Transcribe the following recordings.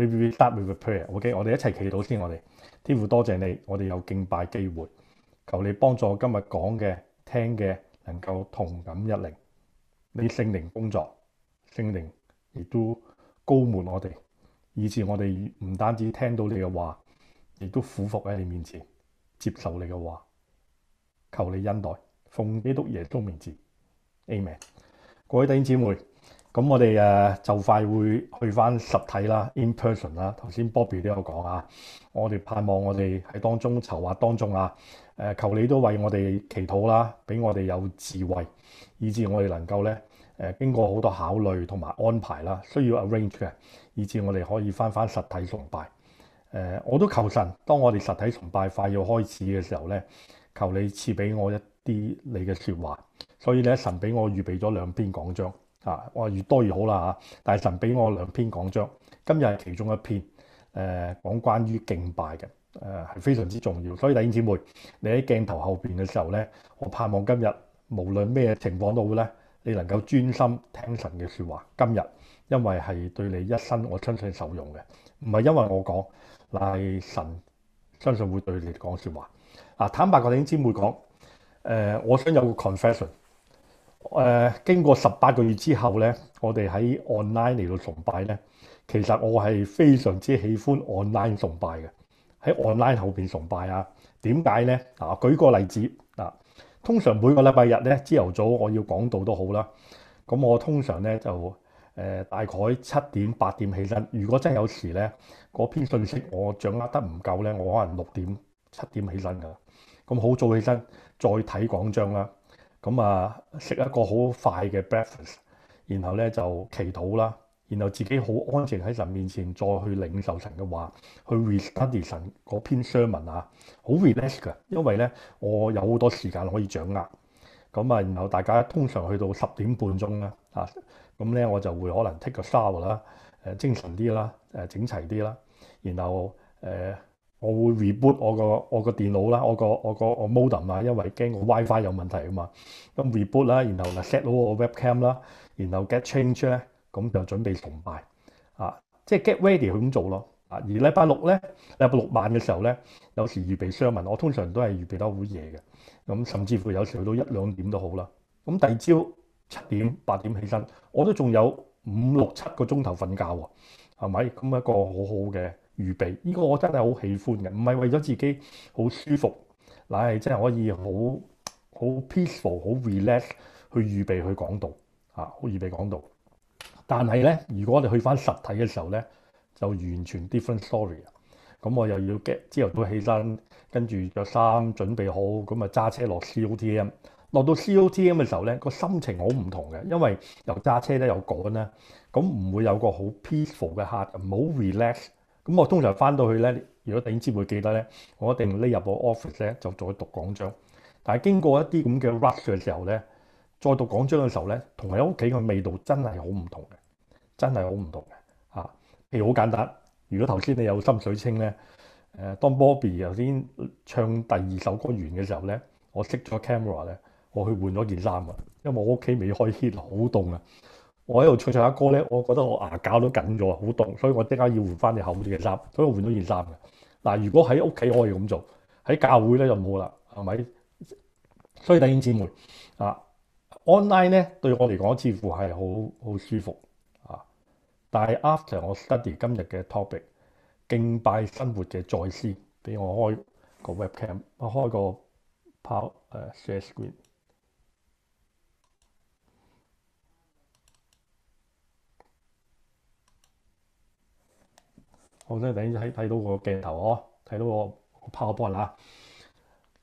Maybe we start with a prayer，OK，我哋一齊祈禱先，我哋天父多謝你，我哋有敬拜機會，求你幫助今日講嘅、聽嘅能夠同感一靈，你啲聖靈工作，聖靈亦都高滿我哋，以至我哋唔單止聽到你嘅話，亦都俯伏喺你面前接受你嘅話，求你恩待奉基督耶穌名字，阿門。各位弟兄姐妹。咁我哋、啊、就快會去翻實體啦，in person 啦。頭先 Bobby 都有講啊，我哋盼望我哋喺當中籌劃當中啊、呃。求你都為我哋祈禱啦，俾我哋有智慧，以至我哋能夠咧、呃、經過好多考慮同埋安排啦，需要 arrange 嘅，以至我哋可以翻翻實體崇拜、呃。我都求神，當我哋實體崇拜快要開始嘅時候咧，求你賜俾我一啲你嘅說話。所以咧，神俾我預備咗兩篇講章。啊！哇，越多越好啦吓、啊！但神俾我兩篇講章，今日係其中一篇，誒、呃、講關於敬拜嘅，誒、呃、係非常之重要。所以弟兄姊妹，你喺鏡頭後邊嘅時候咧，我盼望今日無論咩情況都好咧，你能夠專心聽神嘅說話。今日因為係對你一生我相信受用嘅，唔係因為我講，但係神相信會對你講說話。啊，坦白個弟兄姊妹講，誒、呃，我想有個 confession。誒、呃，經過十八個月之後咧，我哋喺 online 嚟到崇拜咧，其實我係非常之喜歡 online 崇拜嘅。喺 online 後邊崇拜啊，點解咧？嗱、啊，舉個例子，啊、通常每個禮拜日咧，朝頭早我要講道都好啦。咁我通常咧就誒、呃，大概七點八點起身。如果真係有時咧，嗰篇信息我掌握得唔夠咧，我可能六點七點起身噶。咁好早起身，再睇講章啦。咁啊，食一個好快嘅 breakfast，然後咧就祈禱啦，然後自己好安靜喺神面前再去領受神嘅話，去 re-study 神嗰篇 sermon 啊，好 relax 噶，因為咧我有好多時間可以掌握。咁啊，然後大家通常去到十點半鐘啦，啊，咁咧我就會可能 take 個 shower 啦、呃，誒精神啲啦，誒、呃、整齊啲啦，然後誒。呃我會 reboot 我個我個電腦啦，我個我個我 modem 啊，因為驚個 WiFi 有問題啊嘛，咁 reboot 啦，然後 set 好個 webcam 啦，然後 get change 咧，咁就準備崇拜啊，即係 get ready 去咁做咯啊。而禮拜六咧，禮拜六晚嘅時候咧，有時預備商文，我通常都係預備得好夜嘅，咁、啊、甚至乎有時去到一兩點都好啦。咁、啊、第二朝七點八點起身，我都仲有五六七個鐘頭瞓覺喎，係咪？咁一個好好嘅。預備，呢、呢個我真係好喜歡嘅，唔係為咗自己好舒服，乃係真係可以好好 peaceful、好 relax 去預備去講道，嚇、啊、好預備講道。但係咧，如果我哋去返實體嘅時候咧，就完全 different story 啊！咁我又要 get 朝頭早起身，跟住著衫準備好，咁啊揸車落 COTM，落到 COTM 嘅時候咧，個心情好唔同嘅，因為又揸車咧又趕咧，咁唔會有個好 peaceful 嘅 heart，唔好 relax。咁我通常翻到去咧，如果頂知會記得咧，我一定匿入個 office 咧就再讀講章。但係經過一啲咁嘅 rush 嘅時候咧，再讀講章嘅時候咧，同喺屋企嘅味道真係好唔同嘅，真係好唔同嘅嚇、啊。譬如好簡單，如果頭先你有心水清咧，誒、呃、當 Bobby 頭先唱第二首歌完嘅時候咧，我熄咗 camera 咧，我去換咗件衫啊，因為我屋企未開 heat 好凍啊。我喺度唱唱下歌咧，我覺得我牙搞都緊咗啊，好凍，所以我即刻要換翻件厚啲嘅衫，所以我換咗件衫嘅。嗱，如果喺屋企可以咁做，喺教會咧就冇啦，係咪？所以弟兄姊妹啊，online 咧對我嚟講似乎係好好舒服啊。但係 after 我 study 今日嘅 topic 敬拜生活嘅再思，俾我開個 webcam，開個拍誒 share screen。我真等第一睇到個鏡頭哦，睇到個 PowerPoint 啦。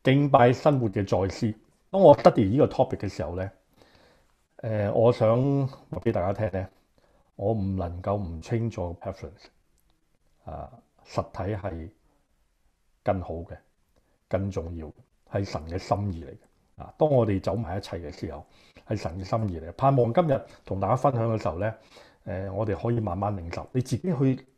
敬拜生活嘅再思，當我得啲呢個 topic 嘅時候咧，誒、呃，我想話俾大家聽咧，我唔能夠唔清楚 Preference 啊，實體係更好嘅，更重要係神嘅心意嚟嘅啊。當我哋走埋一齊嘅時候，係神嘅心意嚟。盼望今日同大家分享嘅時候咧，誒、呃，我哋可以慢慢領受你自己去。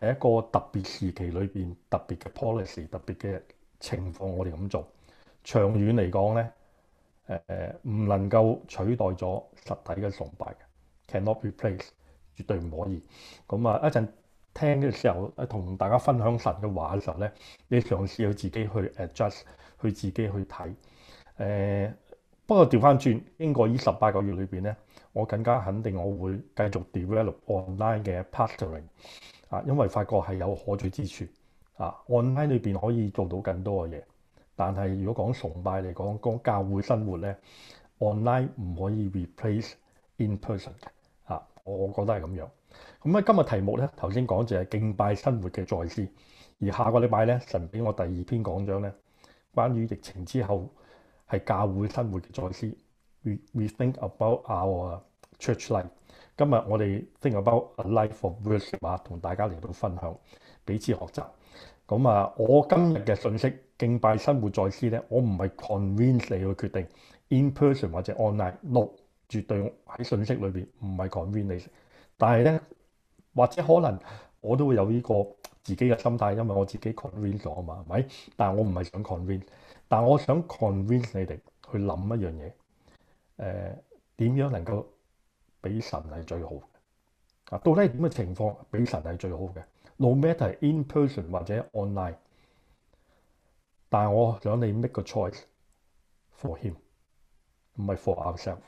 喺一個特別時期裏面特別嘅 policy，特別嘅情況，我哋咁做。長遠嚟講咧，誒、呃、唔能夠取代咗實體嘅崇拜嘅、mm-hmm.，cannot replace，絕對唔可以。咁、嗯、啊，一陣聽嘅時候，同大家分享神嘅話嘅時候咧，你嘗試去自己去 adjust，去自己去睇、呃。不過調返轉，經過呢十八個月裏面咧，我更加肯定，我會繼續 develop online 嘅 pastoring。啊，因為發覺係有可取之處，啊，online 裏面可以做到更多嘅嘢。但係如果講崇拜嚟講，講教會生活咧，online 唔可以 replace in person 嘅、啊。我覺得係咁樣。咁、嗯、喺今日題目咧，頭先講就係敬拜生活嘅再思。而下個禮拜咧，神俾我第二篇講章咧，關於疫情之後係教會生活嘅再思。We we think about our church life. 今日我哋 Think About A Life of Words 啊，同大家嚟到分享，彼此學習。咁啊，我今日嘅信息敬拜生活在斯咧，我唔係 convince 你去決定 in person 或者 online，no，絕對喺信息裏邊唔係 convince 你。但係咧，或者可能我都會有呢個自己嘅心態，因為我自己 convince 咗啊嘛，係咪？但係我唔係想 convince，但係我想 convince 你哋去諗一樣嘢，誒、呃、點樣能夠？俾神係最好嘅，啊到底係點嘅情況？俾神係最好嘅，no matter in person 或者 online。但係我想你 make a choice for him, for、啊這個 choice，for him，唔係 for ourself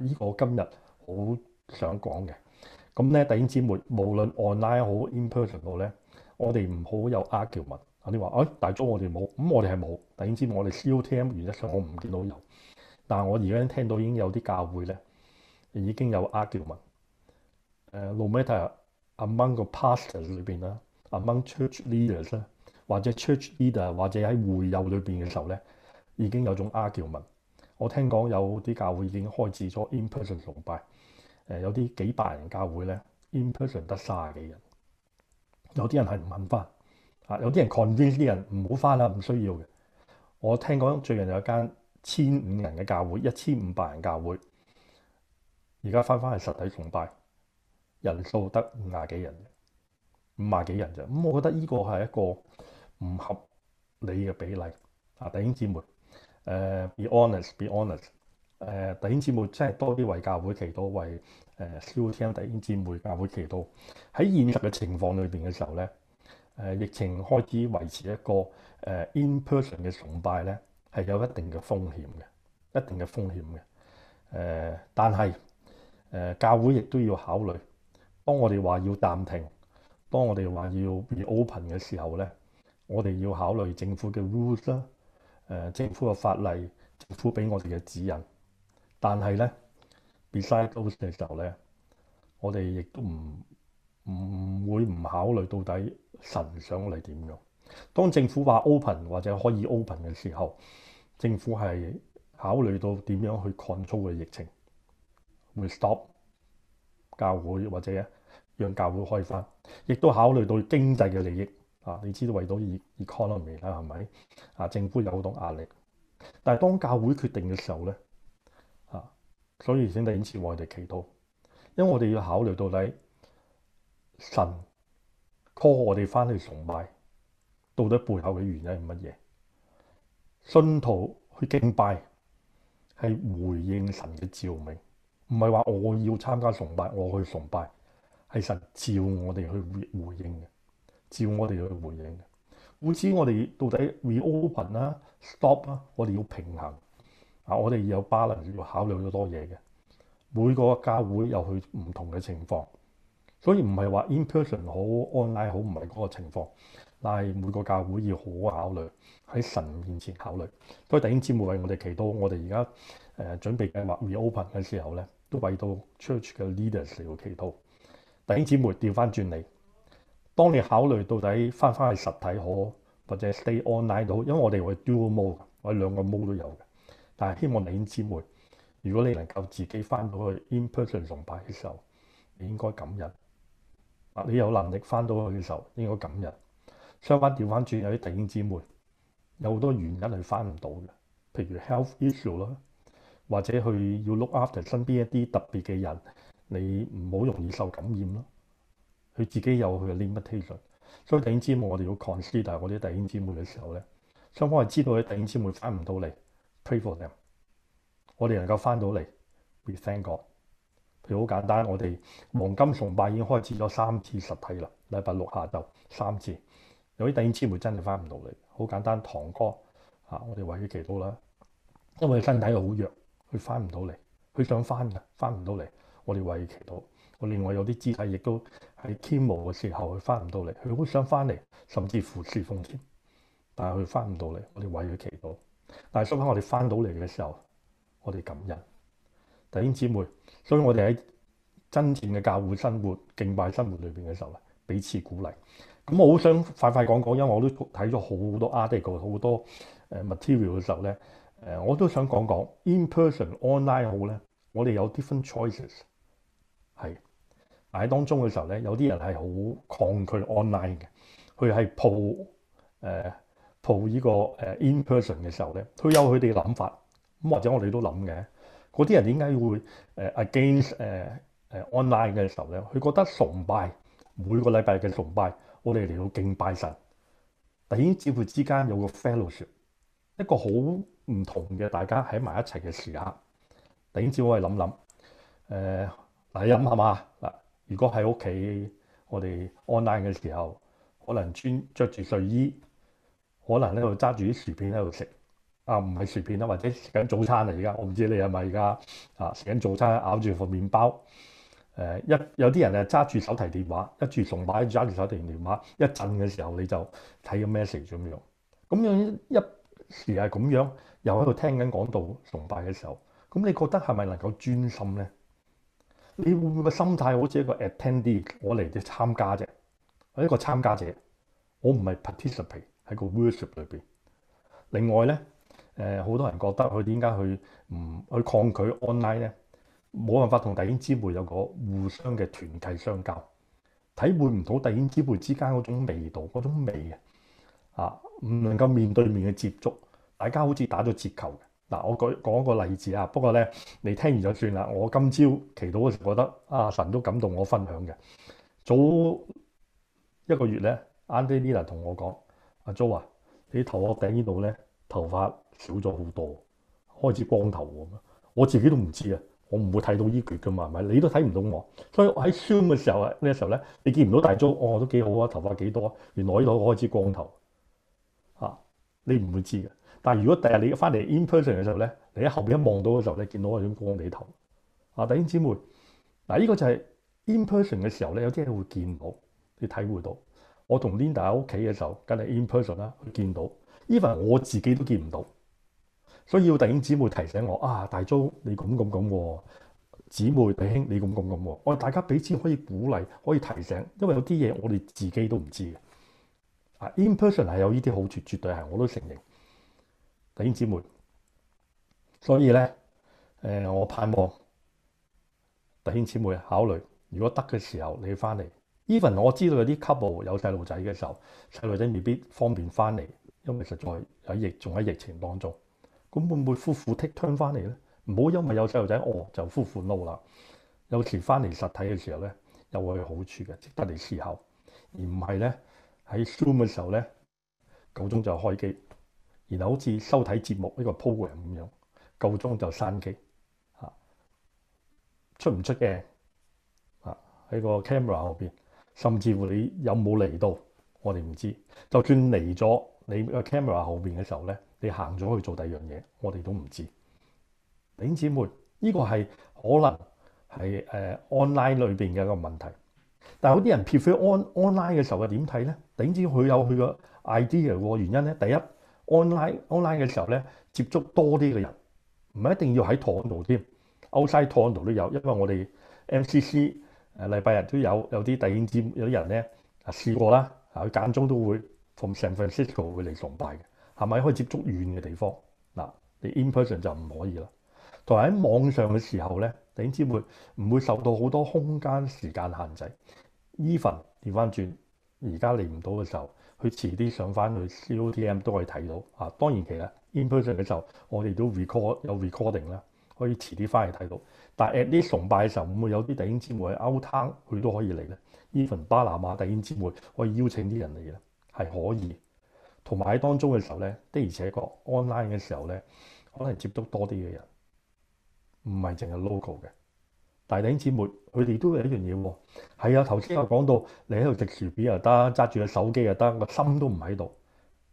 呢個今日好想講嘅。咁、嗯、咧，第二點，冇無論 online 好 in person 好咧、啊啊嗯，我哋唔好有 argument，啊你話，哎，大鐘我哋冇，咁我哋係冇。第二點，我哋 zoom 原則上，我唔見到有。但係我而家聽到已經有啲教會咧。已經有 argument。誒，路尾睇下，among the pastors 裏邊啦，among church leaders 或者 church leader，或者喺會友裏面嘅時候咧，已經有種 argument。我聽講有啲教會已經開始咗 in-person 崇拜。Uh, 有啲幾百人教會咧，in-person 得三十幾人。有啲人係唔肯翻，啊、uh,，有啲人 convince 啲人唔好翻啦，唔需要嘅。我聽講最近有一間千五人嘅教會，一千五百人教會。而家翻翻係實體崇拜，人數得五廿幾人，五廿幾人咋？咁、嗯、我覺得呢個係一個唔合理嘅比例啊。弟兄姊妹，誒、呃、be honest，be honest，誒 Be honest、呃，弟兄姊妹，真係多啲為教會祈禱，為誒、呃、燒天弟兄姊妹教會祈禱。喺現實嘅情況裏邊嘅時候咧，誒、呃、疫情開始維持一個誒、呃、in person 嘅崇拜咧，係有一定嘅風險嘅，一定嘅風險嘅。誒、呃，但係。呃、教會亦都要考慮，當我哋話要暫停，當我哋話要 open 嘅時候咧，我哋要考慮政府嘅 rules 啦、呃，政府嘅法例，政府俾我哋嘅指引。但係咧，besides those 嘅時候咧，我哋亦都唔唔會唔考慮到底神想我哋點樣。當政府話 open 或者可以 open 嘅時候，政府係考慮到點樣去 control 嘅疫情。會 stop 教會或者讓教會開翻，亦都考慮到經濟嘅利益啊。你知道為到 economy 啦，係咪？政府有好多壓力，但係當教會決定嘅時候咧啊，所以先第一次外地祈禱，因為我哋要考慮到底神 call 我哋返去崇拜，到底背後嘅原因係乜嘢？信徒去敬拜係回應神嘅召命。唔係話我要參加崇拜，我去崇拜，係神召我哋去回應嘅，召我哋去回應嘅。故此，我哋到底 reopen 啦、啊、stop 啦、啊，我哋要平衡啊，我哋有 balance 要考慮好多嘢嘅。每個教會有佢唔同嘅情況，所以唔係話 in person 好 online 好，唔係嗰個情況，但係每個教會要好好考慮，喺神面前考慮。所以弟兄姊妹為我哋祈禱，我哋而家。呃、準備計劃 reopen 嘅時候咧，都為到 church 嘅 leaders 嚟祈禱。弟兄姊妹調翻轉嚟，當你考慮到底翻返去實體好，或者 stay online 好，因為我哋會 dual mode，我哋兩個 mode 都有嘅。但係希望弟兄姊妹，如果你能夠自己翻到去 in person 崇拜嘅時候，你應該感恩、啊。你有能力翻到去嘅時候，應該感恩。相反調翻轉，有啲弟兄姊妹有好多原因係翻唔到嘅，譬如 health issue 啦。或者去要 look after 身邊一啲特別嘅人，你唔好容易受感染咯。佢自己有佢嘅 limitation。所以弟兄姊妹，我哋要 consider 我啲弟兄姊妹嘅時候咧，雙方係知道佢弟兄姊妹翻唔到嚟 pray for them，我哋能夠翻到嚟 we thank God。譬如好簡單，我哋黃金崇拜已經開始咗三次實體啦，禮拜六下晝三次。有啲弟兄姊妹真係翻唔到嚟，好簡單，堂哥、啊、我哋為佢祈禱啦，因為身體好弱。佢翻唔到嚟，佢想翻噶，翻唔到嚟，我哋為佢祈禱。我另外有啲肢體，亦都喺謙無嘅時候，佢翻唔到嚟，佢好想翻嚟，甚至付諸風險。但係佢翻唔到嚟，我哋為佢祈禱。但係相反，我哋翻到嚟嘅時候，我哋感恩。弟兄姊妹，所以我哋喺真正嘅教會生活、敬拜生活裏邊嘅時候咧，彼此鼓勵。咁我好想快快講講，因為我都睇咗好多 article、好多誒 material 嘅時候咧。誒、呃，我都想講講 in person online 好咧。我哋有 different choices 係喺當中嘅時候咧，有啲人係好抗拒 online 嘅。佢係抱誒、呃、抱呢個誒 in person 嘅時候咧，佢有佢哋嘅諗法，或者我哋都諗嘅嗰啲人點解會誒 against 誒、uh, 誒 online 嘅時候咧？佢覺得崇拜每個禮拜嘅崇拜，我哋嚟到敬拜神，但係呢啲主僕之間有個 fellowship 一個好。唔同嘅，大家喺埋一齊嘅時間，頂尖我係諗諗，誒嗱飲下嘛嗱，如果喺屋企我哋 online 嘅時候，可能穿着住睡衣，可能喺度揸住啲薯片喺度食。啊唔係薯片啦，或者食緊早餐嚟而家，我唔知你係咪而家啊食緊早餐咬住個麵包，誒、呃、一有啲人啊揸住手提電話，一住崇拜，揸住手提電話，一陣嘅時候你就睇個 message 咁樣，咁樣一。一時是係咁樣，又喺度聽緊講道崇拜嘅時候，咁你覺得係咪能夠專心咧？你會唔會個心態好似一個 attendee，我嚟嘅參加啫，一個參加者，我唔係 participate 喺個 worship 裏邊。另外咧，誒、呃、好多人覺得佢點解去唔去抗拒 online 咧？冇辦法同弟兄姊妹有個互相嘅團契相交，體會唔到弟兄姊妹之間嗰種味道、嗰種味啊！啊，唔能夠面對面嘅接觸。大家好似打咗折扣嗱，我舉講一個例子啊。不過咧，你聽完就算啦。我今朝祈禱嘅時候，覺得阿、啊、神都感動我分享嘅早一個月咧，Andy Nina 同我講：阿、啊、Jo 啊，你頭殼頂這裡頭呢度咧，頭髮少咗好多，開始光頭咁啊！我自己都唔知啊，我唔會睇到呢橛噶嘛，係咪？你都睇唔到我，所以我喺 Zoom 嘅時候啊，呢個時候咧，你見唔到大 Jo，我、哦、都幾好啊，頭髮幾多？原來呢度開始光頭啊，你唔會知嘅。但如果第日你翻嚟 in person 嘅時候咧，你喺後面一望到嘅時候，你見到我種光地頭啊。弟兄姊妹嗱，依、呢個就係 in person 嘅時候咧，有啲嘢會，會見到，你體會到。我同 Linda 喺屋企嘅時候，梗係 in person 啦，見到 even 我自己都見唔到，所以要弟兄姊妹提醒我啊，大租你咁咁咁喎，姊妹弟兄你咁咁咁喎。我大家彼此可以鼓勵，可以提醒，因為有啲嘢我哋自己都唔知嘅啊。in person 係有呢啲好處，絕對係我都承認。弟兄姊妹，所以咧，誒、呃，我盼望弟兄姊妹考慮，如果得嘅時候你翻嚟。Even 我知道些有啲級部有細路仔嘅時候，細路仔未必方便翻嚟，因為實在喺疫仲喺疫情當中。咁會唔會夫婦 take turn 翻嚟咧？唔好因為有細路仔餓就夫婦 no 啦。有時翻嚟實體嘅時候咧，又會有好處嘅，值得你思考，而唔係咧喺 Zoom 嘅時候咧，夠鐘就開機。然後好似收睇節目呢個 program 咁樣，夠鐘就閂機，出唔出嘅喺個 camera 後邊，甚至乎你有冇嚟到，我哋唔知。就算嚟咗你個 camera 後邊嘅時候咧，你行咗去做第二樣嘢，我哋都唔知。頂姊妹，呢、這個係可能係 online 裏邊嘅一個問題。但係有啲人 prefer on online 嘅時候又點睇咧？頂知佢有佢個 idea 個原因咧，第一。online online 嘅時候咧，接觸多啲嘅人，唔係一定要喺堂度添，outside 堂度都有，因為我哋 MCC 誒禮拜日都有有啲弟兄姊妹有啲人咧啊試過啦，啊間中都會 from San Francisco 會嚟崇拜嘅，係咪可以接觸遠嘅地方？嗱，你 in person 就唔可以啦。同埋喺網上嘅時候咧，弟兄姊妹唔會受到好多空間時間限制。Even 調翻轉，而家嚟唔到嘅時候。佢遲啲上翻去 COTM 都可以睇到啊。當然其實 in person 嘅時候，我哋都 record 有 recording 啦，可以遲啲翻去睇到。但 at least 崇拜嘅時候，會唔會有啲弟兄姊妹喺 out town 佢都可以嚟咧？Even 巴拿馬弟兄姊妹可以邀請啲人嚟咧，係可以的。同埋喺當中嘅時候咧，的而且確 online 嘅時候咧，可能接觸多啲嘅人，唔係淨係 local 嘅。弟兄姊妹，佢哋都係一樣嘢喎。係啊，頭先又講到你喺度食薯片又得，揸住個手機又得，個心都唔喺度。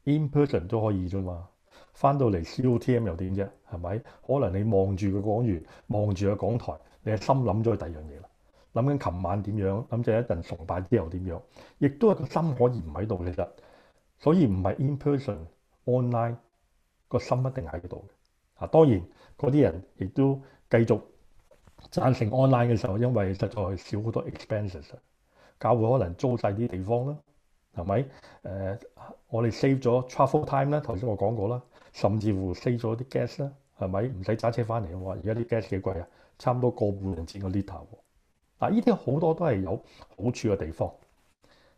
In person 都可以啫嘛。翻到嚟 C O T M 又點啫？係咪？可能你望住個講員，望住個講台，你個心諗咗第二樣嘢啦。諗緊琴晚點樣，諗住一陣崇拜之後點樣，亦都係個心可以唔喺度嘅。其實，所以唔係 in person online 個心一定喺度嘅。啊，當然嗰啲人亦都繼續。贊成 online 嘅時候，因為實在係少好多 expenses，教會可能租晒啲地方啦，係咪？誒、呃，我哋 save 咗 travel time 啦，頭先我講過啦，甚至乎 save 咗啲 gas 啦，係咪？唔使揸車翻嚟，我話而家啲 gas 幾貴啊，差唔多個半銀錢個 liter 喎。嗱、啊，呢啲好多都係有好處嘅地方。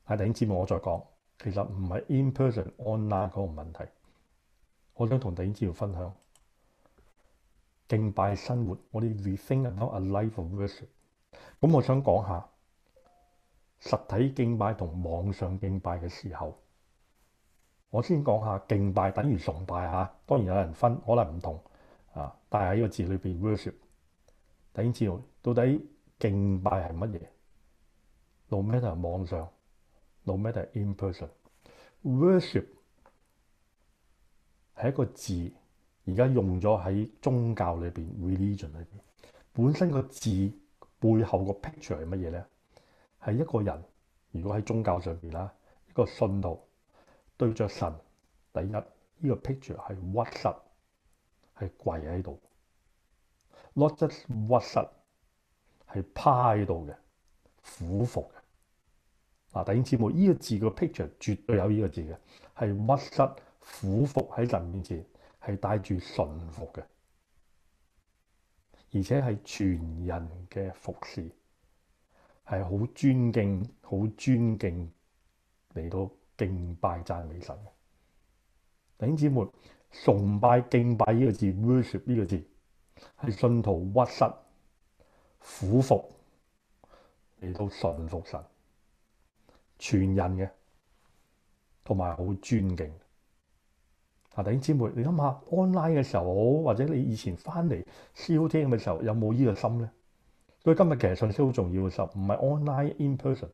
阿弟兄姐妹，我再講，其實唔係 in person online 嗰個問題，我想同弟兄姐妹要分享。敬拜生活，我哋 rethinking about a life of worship。咁我想講下實體敬拜同網上敬拜嘅時候，我先講下敬拜等於崇拜嚇。當然有人分，可能唔同啊，但係喺個字裏邊 worship，等於知道到底敬拜係乜嘢？No matter 網上，no matter in person，worship 係一個字。而家用咗喺宗教裏邊，religion 裏邊本身個字背後個 picture 係乜嘢咧？係一個人如果喺宗教上邊啦，一個信徒對着神第一呢，這個 picture 係屈膝係跪喺度，not just 屈膝係趴喺度嘅俯伏嘅嗱，啊。第二節目呢，這個字個 picture 絕對有呢個字嘅係屈膝俯伏喺神面前。係帶住順服嘅，而且係全人嘅服侍，係好尊敬、好尊敬嚟到敬拜讚美神嘅弟兄姊妹。崇拜、敬拜呢個字 worship 呢個字係信徒屈膝、俯伏嚟到順服神，全人嘅，同埋好尊敬。啊！弟兄姊妹，你諗下 online 嘅時候，好或者你以前翻嚟燒聽嘅時候，有冇依個心咧？所以今日其實信息好重要嘅時候，唔係 online in person，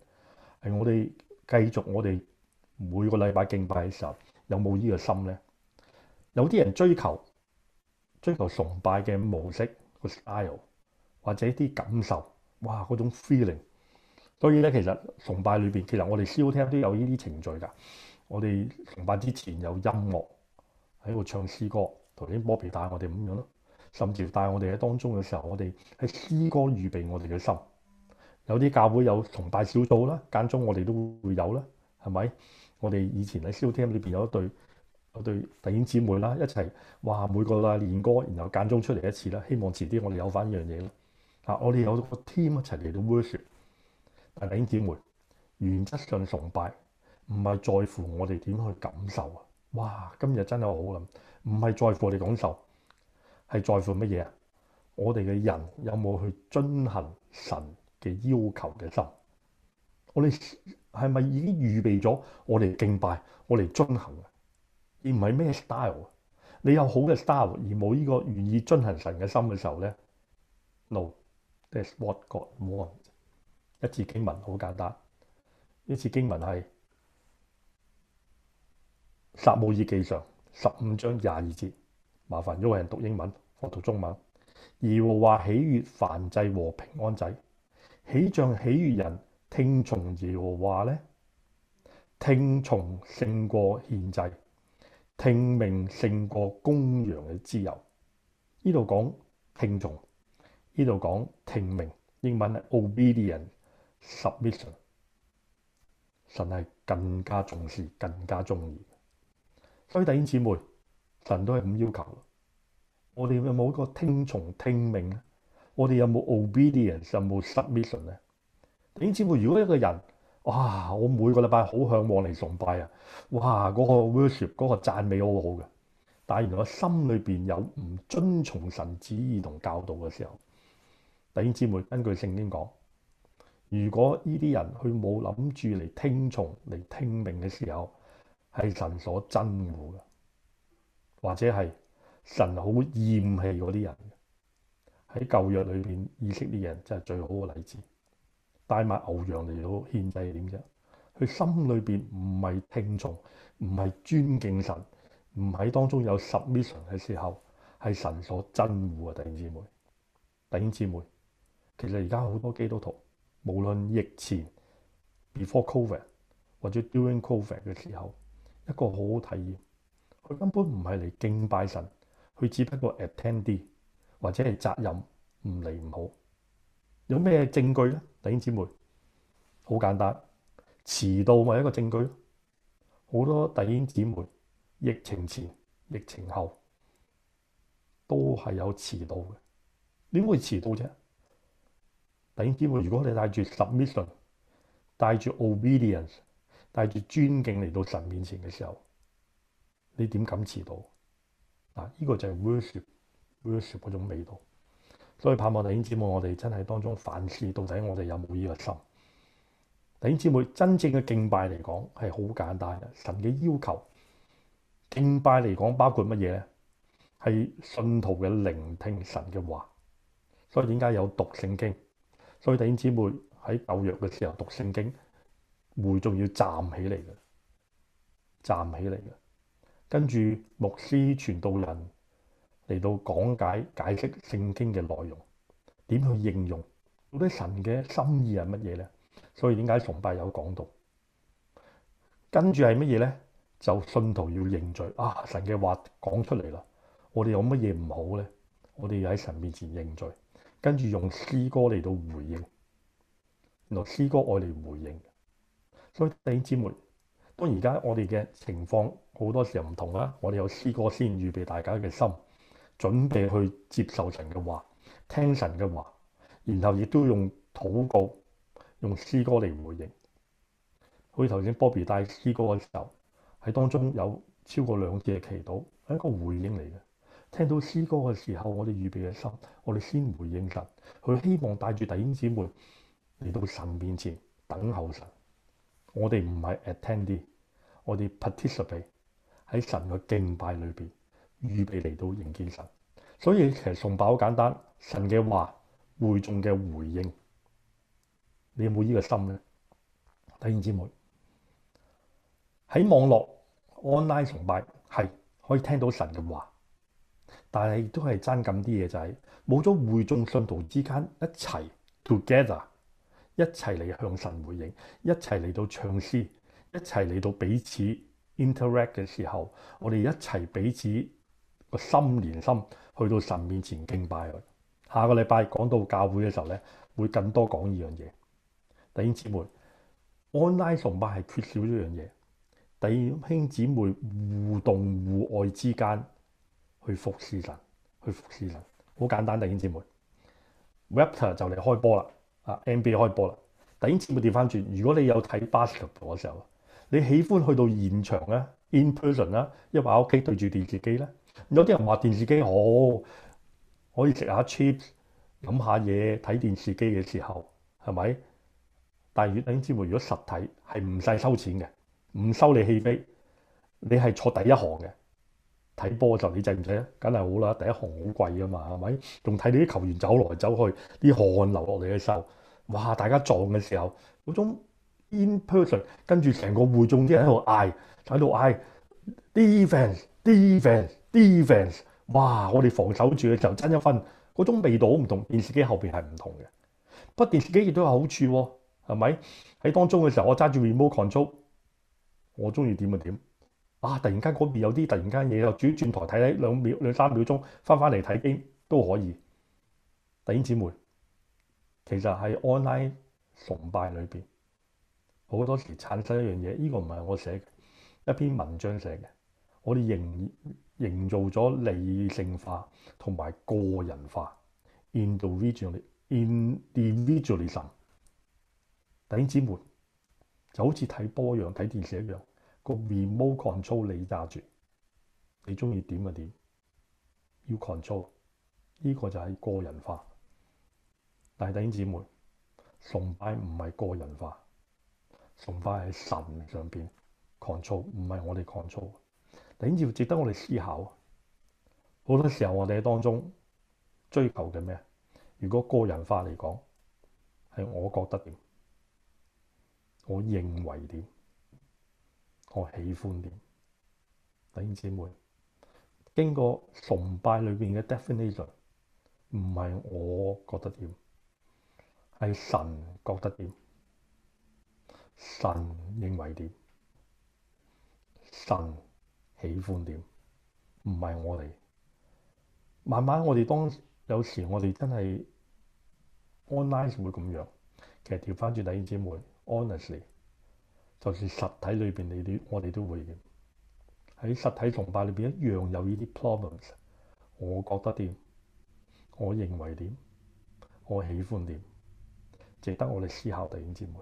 係我哋繼續我哋每個禮拜敬拜嘅時候，有冇依個心咧？有啲人追求追求崇拜嘅模式個 style 或者啲感受，哇嗰種 feeling。所以咧，其實崇拜裏面，其實我哋燒聽都有呢啲程序㗎。我哋崇拜之前有音樂。喺度唱詩歌，同啲波 o b 帶我哋咁樣咯，甚至帶我哋喺當中嘅時候，我哋喺詩歌預備我哋嘅心。有啲教會有崇拜小組啦，間中我哋都會有啦，係咪？我哋以前喺燒 team 裏邊有一對，有一弟兄姊妹啦，一齊哇每個禮練歌，然後間中出嚟一次啦。希望遲啲我哋有翻呢樣嘢啦。嗱、啊，我哋有個 team 一齊嚟到 worship。弟兄姊妹，原則上崇拜唔係在乎我哋點去感受啊。哇！今日真係好啊，唔係在乎我哋感受，係在乎乜嘢啊？我哋嘅人有冇去遵行神嘅要求嘅心？我哋係咪已經預備咗我哋敬拜、我哋遵行？而唔係咩 style？你有好嘅 style 而冇呢個願意遵行神嘅心嘅時候咧，no，that's what God wants。一次經文好簡單，一次經文係。撒母耳記上十五章廿二節，麻煩一位人讀英文，我讀中文。耶和華喜悅燔祭和平安祭，豈像喜悅人聽從耶和華呢？聽從勝過獻祭，聽命勝過公羊嘅脂油。呢度講聽從，呢度講聽命。英文係 obedient submission。神係更加重視，更加中意。所以弟兄姊妹，神都係咁要求，我哋有冇一個聽從聽命咧？我哋有冇 obedience，有冇 submission 呢？弟兄姊妹，如果一個人哇，我每個禮拜好向往嚟崇拜啊，哇，嗰個 worship，嗰個讚美好好嘅，但係原來我心裏邊有唔遵從神旨意同教導嘅時候，弟兄姊妹，根據聖經講，如果呢啲人佢冇諗住嚟聽從嚟聽命嘅時候，係神所憎惡嘅，或者係神好厭棄嗰啲人在，喺舊約裏以色列人真係最好嘅例子。帶埋牛羊嚟到獻祭係點啫？佢心裏面唔係聽從，唔係尊敬神，唔係當中有 submission 嘅時候，係神所憎惡嘅弟兄姊妹。弟兄姊妹，其實而家好多基督徒，無論疫前 （before COVID） 或者 during COVID 嘅時候。一個好好體驗，佢根本唔係嚟敬拜神，佢只不過 attend 啲或者係責任唔嚟唔好。有咩證據呢？弟兄姊妹，好簡單，遲到咪一個證據咯。好多弟兄姊妹，疫情前、疫情後都係有遲到嘅。點會遲到啫？弟兄姊妹，如果你帶住 submission，帶住 obedience。帶住尊敬嚟到神面前嘅時候，你點感賡到？呢、呢個就係 worship，worship 嗰種味道。所以盼望弟兄姊妹，我哋真係當中反思，到底我哋有冇呢個心？弟兄姊妹真正嘅敬拜嚟講係好簡單嘅，神嘅要求。敬拜嚟講包括乜嘢呢？係信徒嘅聆聽神嘅話，所以點解有讀聖經？所以弟兄姊妹喺舊約嘅時候讀聖經。會仲要站起嚟，站起嚟跟住牧師傳道人嚟到講解解釋聖經嘅內容，點去應用到底神嘅心意係乜嘢呢？所以點解崇拜有講到，跟住係乜嘢呢？就信徒要認罪啊！神嘅話講出嚟喇，我哋有乜嘢唔好呢？我哋要喺神面前認罪，跟住用詩歌嚟到回應。原來詩歌愛嚟回應。所以弟兄姊妹，當然而家我哋嘅情況好多時候唔同啦。我哋有詩歌先預備大家嘅心，準備去接受神嘅話，聽神嘅話，然後亦都用禱告、用詩歌嚟回應。好似頭先波比帶詩歌嘅時候，喺當中有超過兩節祈禱，係一個回應嚟嘅。聽到詩歌嘅時候，我哋預備嘅心，我哋先回應神。佢希望帶住弟兄姊妹嚟到神面前等候神。我哋唔係 attendee，我哋 participate 喺神嘅敬拜裏面，預備嚟到迎接神。所以其實崇拜好簡單，神嘅話，會眾嘅回應。你有冇呢個心呢？弟兄姊妹喺網絡 online 崇拜，係可以聽到神嘅話，但係都係爭咁啲嘢就係冇咗會眾信徒之間一齊 together。一齊嚟向神回應，一齊嚟到唱詩，一齊嚟到彼此 interact 嘅時候，我哋一齊彼此個心連心去到神面前敬拜佢。下個禮拜講到教會嘅時候咧，會更多講呢樣嘢。弟兄姊妹，Online 崇拜係缺少一樣嘢。弟兄姊妹互動互愛之間去服侍神，去服侍神，好簡單。弟兄姊妹 Raptor 就嚟開波啦！NBA 開波啦，等尖之輩調翻轉。如果你有睇 basketball 嘅時候，你喜歡去到現場咧，in person 啦，抑或喺屋企對住電視機咧？有啲人話電視機好、哦，可以食下 chips，飲下嘢，睇電視機嘅時候係咪？但係越頂尖之如果實體係唔使收錢嘅，唔收你戲飛，你係坐第一行嘅。睇波就你制唔制啊？梗係好啦，第一行好貴啊嘛，係咪？仲睇你啲球員走來走去，啲汗流落嚟嘅時候，哇！大家撞嘅時候，嗰種 in person，跟住成個會眾啲人喺度嗌，喺度嗌 defence，defence，defence，哇！我哋防守住嘅時候爭一分，嗰種味道好唔同，電視機後邊係唔同嘅。不過電視機亦都有好處喎、哦，係咪？喺當中嘅時候，我揸住 remote control，我中意點就點。啊！突然間嗰邊有啲，突然間嘢又轉轉台睇睇兩秒兩三秒鐘，翻返嚟睇經都可以。弟兄姊妹，其實係 online 崇拜裏面，好多時產生一樣嘢，呢個唔係我寫一篇文章寫嘅，我哋營營造咗理性化同埋個人化，individualism。弟兄姊妹就好似睇波一樣，睇電視一樣。個 remote control 你揸住，你中意點就點，要 control，呢、這個就係個人化。但係弟兄姊妹，崇拜唔係個人化，崇拜係神上邊 o l 唔係我哋狂躁。你要值得我哋思考，好多時候我哋當中追求嘅咩？如果個人化嚟講，係我覺得點，我認為點。我喜歡點，弟兄姊妹，經過崇拜裏面嘅 definition，唔係我覺得點，係神覺得點，神認為點，神喜歡點，唔係我哋。慢慢我哋當時有時我哋真係 online 會咁樣，其實調返轉，弟兄姐妹 honestly。就算實體裏面你哋我哋都會嘅喺實體崇拜裏面一樣有呢啲 problems。我覺得點？我認為點？我喜歡點？值得我哋思考。弟兄姊妹，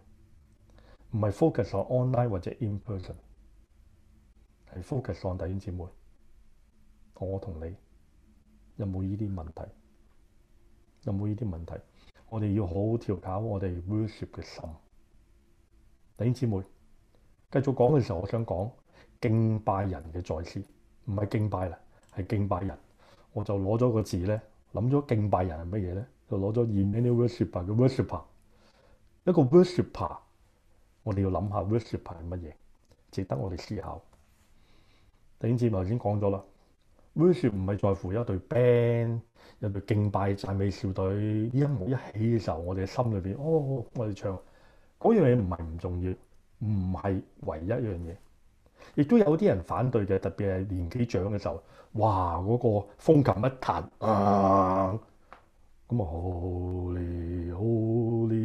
唔係 focus on online 或者 in person 係 focus on 弟兄姊妹。我同你有冇呢啲問題？有冇呢啲問題？我哋要好好調教我哋 worship 嘅心。弟兄姊妹。繼續講嘅時候，我想講敬拜人嘅在先，唔係敬拜啦，係敬拜人。我就攞咗個字咧，諗咗敬拜人係乜嘢咧？就攞咗以 Many worship 嘅 worshipper，一個 worshipper，我哋要諗下 worshipper 係乜嘢，值得我哋思考。頂次頭先講咗啦，worship 唔係在乎有一隊 band，一隊敬拜讚美少隊一模一起嘅時候，我哋嘅心裏邊哦，我哋唱嗰樣嘢唔係唔重要。唔係唯一一樣嘢，亦都有啲人反對嘅，特別係年紀長嘅時候，哇！嗰、那個風琴一彈啊，咁啊好 o 好 y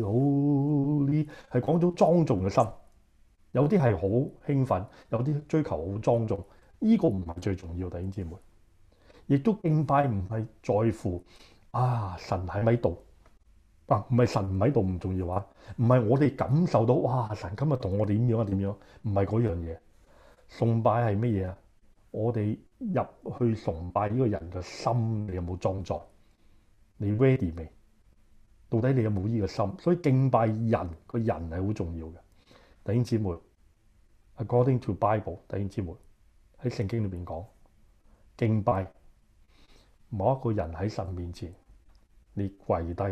h o l y 係講到莊重嘅心，有啲係好興奮，有啲追求好莊重，呢、這個唔係最重要的，弟兄姊妹，亦都敬拜唔係在乎啊神喺咪度。啊！唔係神唔喺度唔重要啊！唔係我哋感受到哇，神今日同我點樣啊？點樣？啊？唔係嗰樣嘢。崇拜係乜嘢啊？我哋入去崇拜呢個人嘅心，你有冇裝作？你 ready 未？到底你有冇呢個心？所以敬拜人個人係好重要嘅。弟兄姊妹，According to Bible，弟兄姊妹喺聖經裏面講敬拜某一個人喺神面前，你跪低。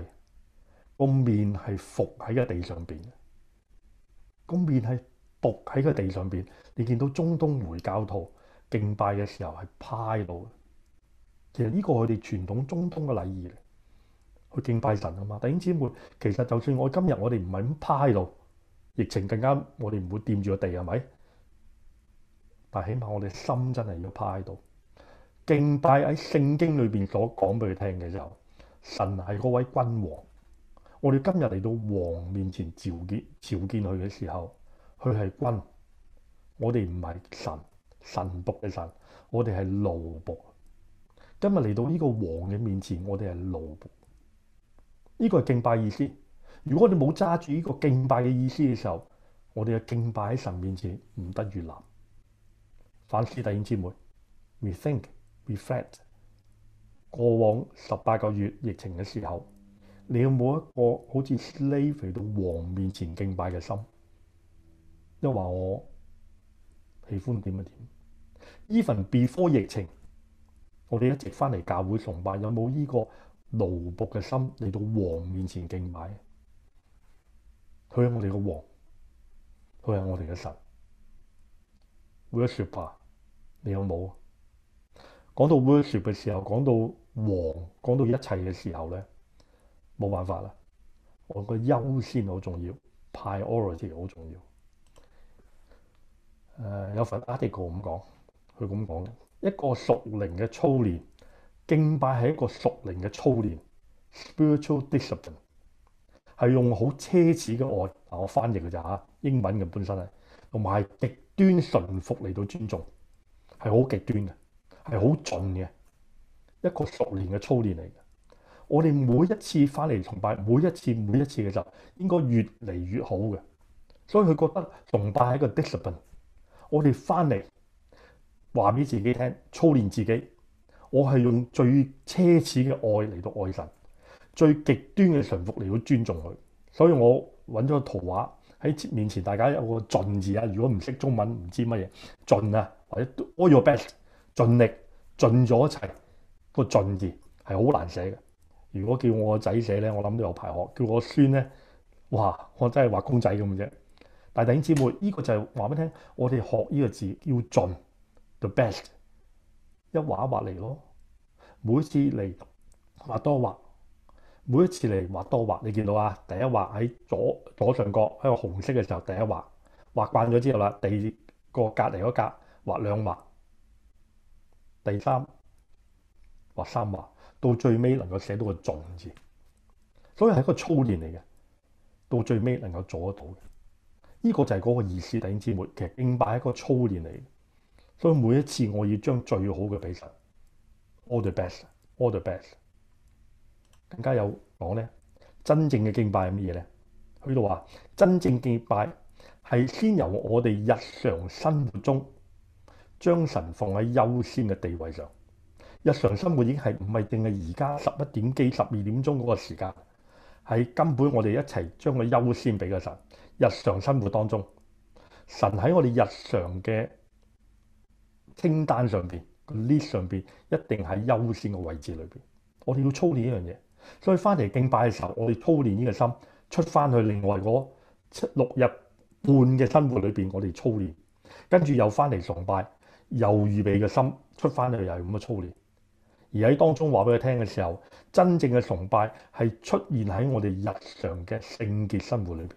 個面係伏喺個地上邊，個面係伏喺個地上邊。你見到中東回教徒敬拜嘅時候係趴喺度，其實呢個係佢哋傳統中東嘅禮儀嚟，去敬拜神啊嘛。弟兄姊妹，其實就算我今日我哋唔係咁趴喺度，疫情更加我哋唔會掂住個地係咪？但起碼我哋心真係要趴喺度。敬拜喺聖經裏邊所講俾佢聽嘅時候，神係嗰位君王。我哋今日嚟到王面前召見召見佢嘅時候，佢係君，我哋唔係神，神僕嘅神，我哋係奴僕。今日嚟到呢個王嘅面前，我哋係奴僕。呢、這個係敬拜意思。如果你冇揸住呢個敬拜嘅意思嘅時候，我哋嘅敬拜喺神面前唔得越南。反思弟兄姊妹，we think we reflect 過往十八個月疫情嘅時候。你有冇一個好似 slave 來到王面前敬拜嘅心？即係話我喜歡點一點。Even before 疫情，我哋一直返嚟教會崇拜，有冇依個奴僕嘅心嚟到王面前敬拜？佢係我哋嘅王，佢係我哋嘅神。worship 啊，你有冇？講到 worship 嘅時候，講到王，講到一切嘅時候呢。冇辦法啦，我個優先好重要，priority 好重要。誒、uh, 有一份 article 咁講，佢咁講嘅一個屬靈嘅操練，敬拜係一個屬靈嘅操練，spiritual discipline 係用好奢侈嘅愛，我翻譯嘅啫嚇，英文嘅本身啊，同埋極端順服嚟到尊重，係好極端嘅，係好盡嘅一個屬靈嘅操練嚟嘅。我哋每一次翻嚟崇拜，每一次每一次嘅時候應該越嚟越好嘅。所以佢覺得崇拜係一個 discipline。我哋翻嚟話俾自己聽，操練自己。我係用最奢侈嘅愛嚟到愛神，最極端嘅臣服嚟到尊重佢。所以我揾咗個圖畫喺面前，大家有個盡字啊。如果唔識中文唔知乜嘢盡啊，或者 all your best 盡力盡咗一齊。嗰個盡字係好難寫嘅。如果叫我仔寫咧，我諗都有排學；叫我孫咧，哇！我真係畫公仔咁啫。弟兄姊妹，呢個就係話俾你聽，我哋學呢個字要盡 the best，一畫一畫嚟咯。每一次嚟畫多畫，每一次嚟畫多畫。你見到啊？第一畫喺左左上角喺個紅色嘅時候，第一畫畫慣咗之後啦，第二個隔離嗰格畫兩畫，第三畫三畫。到最尾能夠寫到個重字，所以係一個操練嚟嘅。到最尾能夠做得到嘅，這個就係嗰個意思。頂之末，其實敬拜係一個操練嚟，所以每一次我要將最好嘅俾神，all the best，all the best。更加有講呢，真正嘅敬拜係咩嘢呢？佢就話：真正敬拜係先由我哋日常生活中將神放喺優先嘅地位上。日常生活已經係唔係定係而家十一點幾十二點鐘嗰個時間？係根本我哋一齊將佢優先俾個神。日常生活當中，神喺我哋日常嘅清單上面、個 list 上面一定喺優先嘅位置裏面。我哋要操練一樣嘢，所以翻嚟敬拜嘅時候，我哋操練呢個心出翻去。另外嗰七六日半嘅生活裏面，我哋操練跟住又翻嚟崇拜，又預備嘅心出翻去，又係咁嘅操練。而喺當中話俾佢聽嘅時候，真正嘅崇拜係出現喺我哋日常嘅聖潔生活裏邊。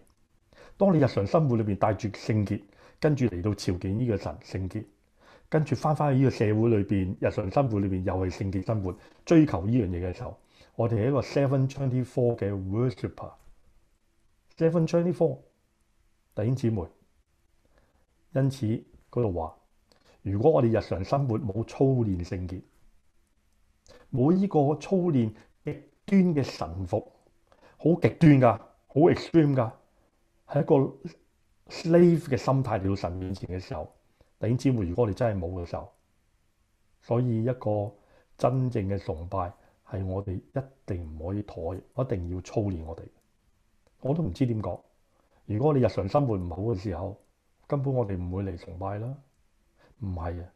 當你日常生活裏邊帶住聖潔，跟住嚟到朝見呢個神聖潔，跟住翻返去呢個社會裏邊，日常生活裏邊又係聖潔生活，追求呢樣嘢嘅時候，我哋係一個 seven twenty four 嘅 worshipper。seven twenty four，弟兄姊妹，因此嗰度話：如果我哋日常生活冇操練聖潔，每依個操練極端嘅臣服，好極端噶，好 extreme 噶，係一個 slave 嘅心態嚟到神面前嘅時候。頂知會，如果我哋真係冇嘅時候，所以一個真正嘅崇拜係我哋一定唔可以妥，一定要操練我哋。我都唔知點講。如果我哋日常生活唔好嘅時候，根本我哋唔會嚟崇拜啦。唔係啊，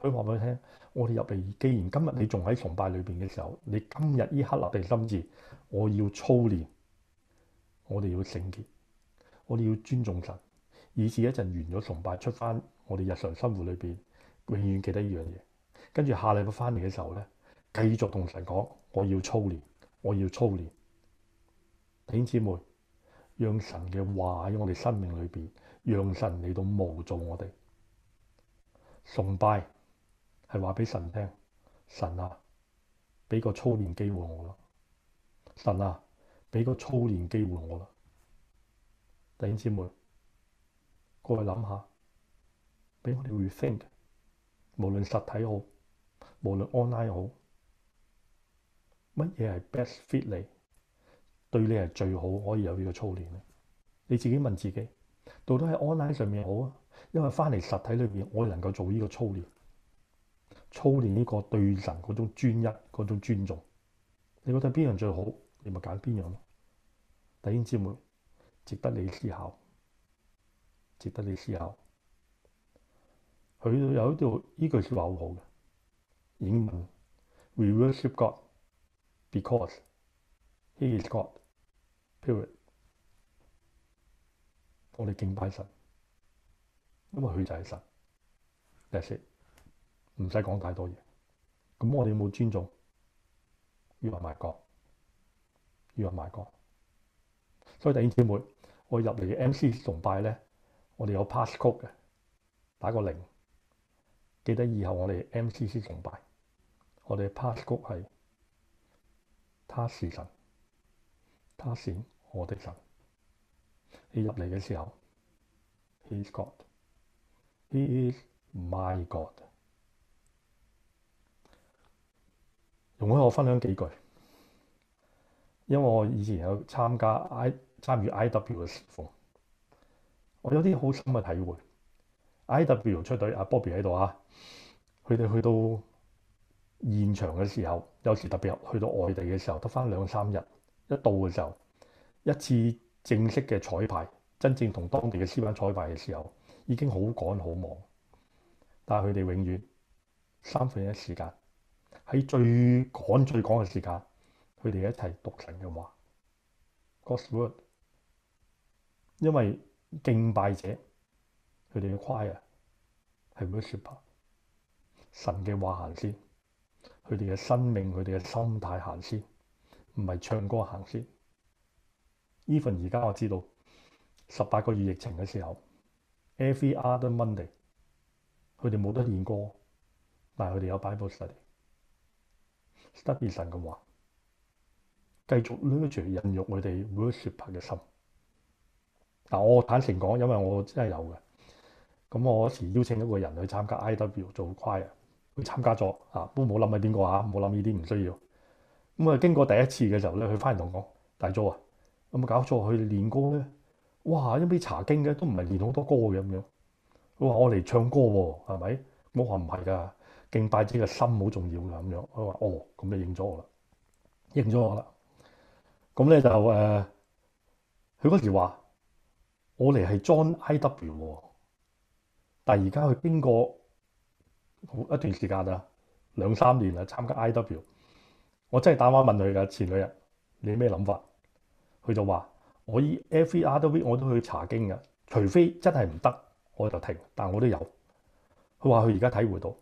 佢話俾你聽。我哋入嚟，既然今日你仲喺崇拜裏面嘅時候，你今日呢刻立地心志，我要操練，我哋要聖潔，我哋要尊重神，以至一陣完咗崇拜出翻，我哋日常生活裏面，永遠記得呢樣嘢。跟住下禮拜翻嚟嘅時候咧，繼續同神講，我要操練，我要操練。弟兄姊妹，讓神嘅話喺我哋生命裏面，讓神嚟到模造我哋崇拜。係話俾神聽，神啊，俾個操練機會我啦！神啊，俾個操練機會我啦！弟兄姊妹，各位諗下，俾我哋去 rethink，無論實體好，無論 online 好，乜嘢係 best fit 你，對你係最好可以有呢個操練呢？你自己問自己，到底喺 online 上面好啊？因為翻嚟實體裏面，我能夠做呢個操練。操練呢個對神嗰種專一、嗰種尊重，你覺得邊樣最好，你咪揀邊樣咯。弟兄姊妹，值得你思考，值得你思考。佢有道呢句説話好好嘅，英文：We worship God because He is God. Period。我哋敬拜神，因為佢就係神。That's it。唔使講太多嘢，咁我哋有冇尊重，要人埋國，要人埋國。所以弟兄姐妹，我入嚟嘅 M.C. 崇拜呢，我哋有 pass code 嘅，打個零，記得以後我哋 M.C.C. 崇拜，我哋 pass code 係他是神，他是我的神。你入嚟嘅時候，He's God，He is my God。容許我分享幾句，因為我以前有參加 I 參與 I.W. 嘅時候，我有啲好深嘅體會。I.W. 出隊阿 Bobby 喺度啊，佢哋去到現場嘅時候，有時特別去到外地嘅時候，得返兩三日。一到嘅時候，一次正式嘅彩排，真正同當地嘅師班彩排嘅時候，已經好趕好忙，但係佢哋永遠三分一時間。喺最趕最趕嘅時間，佢哋一齊讀神嘅話。God’s Word，因為敬拜者佢哋嘅 choir 係 worship，他們的 choir 是 worship，神嘅話行先，佢哋嘅生命，佢哋嘅心態行先，唔係唱歌行先。Even 而家我知道十八個月疫情嘅時候，every other Monday 佢哋冇得練歌，但係佢哋有 Bible study。Stevenson 咁話，繼續 learning 孕育我哋 worship 嘅心。但我坦誠講，因為我真係有嘅。咁我嗰時邀請一個人去參加 I.W. 做 quiet，佢參加咗啊，都唔好諗係邊個啊，唔好諗呢啲，唔需要。咁啊，經過第一次嘅時候咧，佢翻嚟同我講：大佐啊，有冇搞錯佢練歌呢？哇，一啲查經嘅都唔係練好多歌嘅咁樣。佢話：我嚟唱歌喎，係咪？我話唔係㗎。敬拜者的心好重要㗎，咁樣佢話哦，咁你認咗我啦，認咗我啦。咁咧就呃，佢嗰時話我嚟係 join I W，但係而家佢經過一段時間兩兩三年啦參加 I W，我真係打電話問佢㗎。前兩日你咩諗法？佢就話我以 every other week 我都去查經㗎，除非真係唔得我就停，但我都有。佢話佢而家體會到。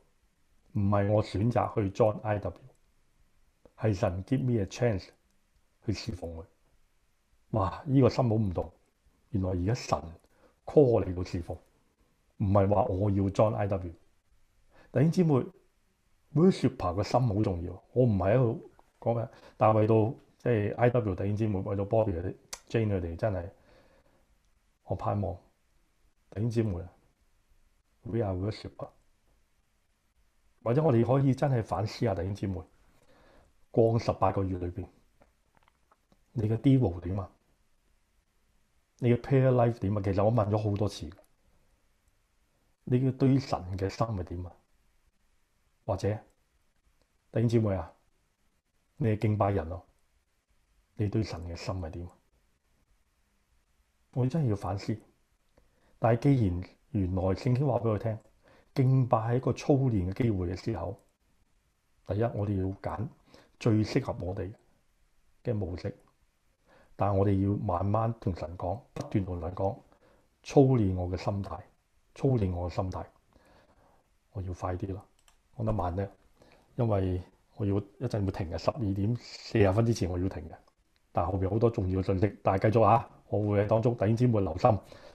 唔係我選擇去 join I W，係神 give me a chance 去侍奉佢。哇！呢個心好唔同，原來而家神 call 嚟到侍奉，唔係話我要 join I W。弟兄姊妹，worshipper 嘅心好重要。我唔係喺度講咩，但係為到即係 I W 弟兄姊妹，為咗 Bob 佢啲 Jane 佢哋，真係我盼望弟兄姊妹，we are worshipper。或者我哋可以真係反思下弟兄姊妹，過十八個月裏邊，你嘅 devo 點啊？你嘅 prayer life 點啊？其實我問咗好多次，你嘅對神嘅心係點啊？或者弟兄姊妹啊，你係敬拜人咯？你對神嘅心係點？我真係要反思。但係既然原來聖經話俾我聽。敬拜係一個操練嘅機會嘅時候，第一我哋要揀最適合我哋嘅模式，但係我哋要慢慢同神講，不斷同神講，操練我嘅心態，操練我嘅心態。我要快啲啦，講得慢呢，因為我要一陣會停嘅，十二點四十分之前我要停嘅，但係後邊好多重要嘅信息，但係繼續啊，我會喺當中點知會留心，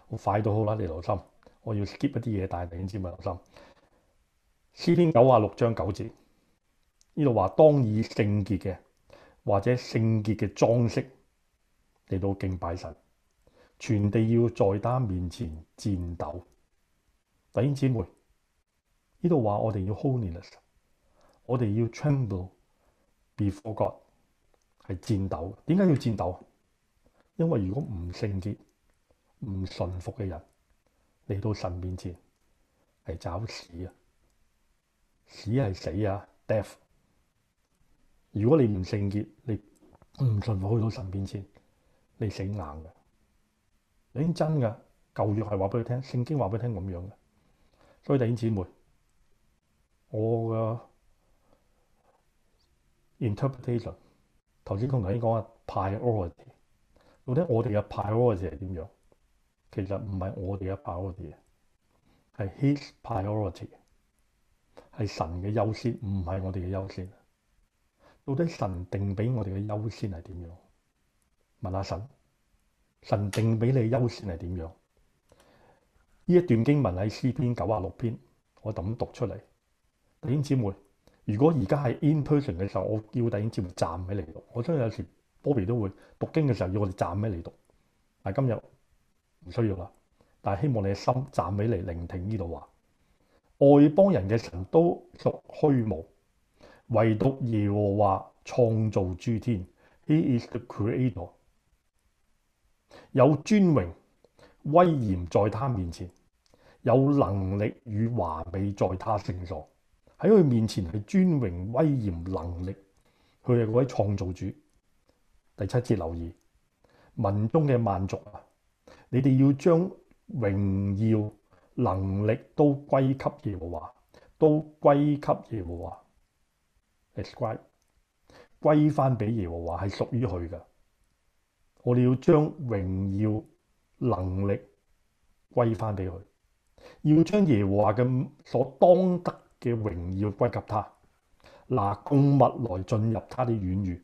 我快好快都好啦，你留心。我要 skip 一啲嘢，但係弟兄姊妹留心，詩篇九啊六章九節，呢度話當以聖潔嘅或者聖潔嘅裝飾嚟到敬拜神，全地要在他面前戰鬥。弟兄姊妹，呢度話我哋要 holiness 我哋要 tremble before God 係戰鬥。點解要戰鬥？因為如果唔聖潔、唔順服嘅人。嚟到神面前係找屎啊！屎係死啊，death。如果你唔聖潔，你唔信去到神面前，你死硬嘅。你已經真嘅，舊約係話俾你聽，聖經話俾你聽咁樣嘅。所以弟兄姊妹，我嘅 interpretation 頭先同大家講 priority，到底我哋嘅 priority 係點樣？其實唔係我哋嘅 priority，係 His priority，係神嘅優先，唔係我哋嘅優先。到底神定俾我哋嘅優先係點樣？問下神，神定俾你嘅優先係點樣？呢一段經文喺詩篇九十六篇，我咁讀出嚟。弟兄姐妹，如果而家係 in person 嘅時候，我叫弟兄姐妹站喺嚟讀。我相信有時候 Bobby 都會讀經嘅時候要我哋站喺嚟讀，但今日。唔需要啦，但係希望你嘅心站起嚟聆聽呢度話外邦人嘅神都屬虛無，唯獨耶和華創造諸天。He is the Creator，有尊榮威嚴在他面前，有能力與華美在他聖所。喺佢面前係尊榮威嚴能力，佢係嗰位創造主。第七節留意民中嘅萬族你哋要將榮耀能力都歸給耶和華，都歸給耶和華，歸返俾耶和華係屬於佢㗎。我哋要將榮耀能力歸返俾佢，要將耶和華嘅所當得嘅榮耀歸給他。嗱，供物來進入他啲院宇，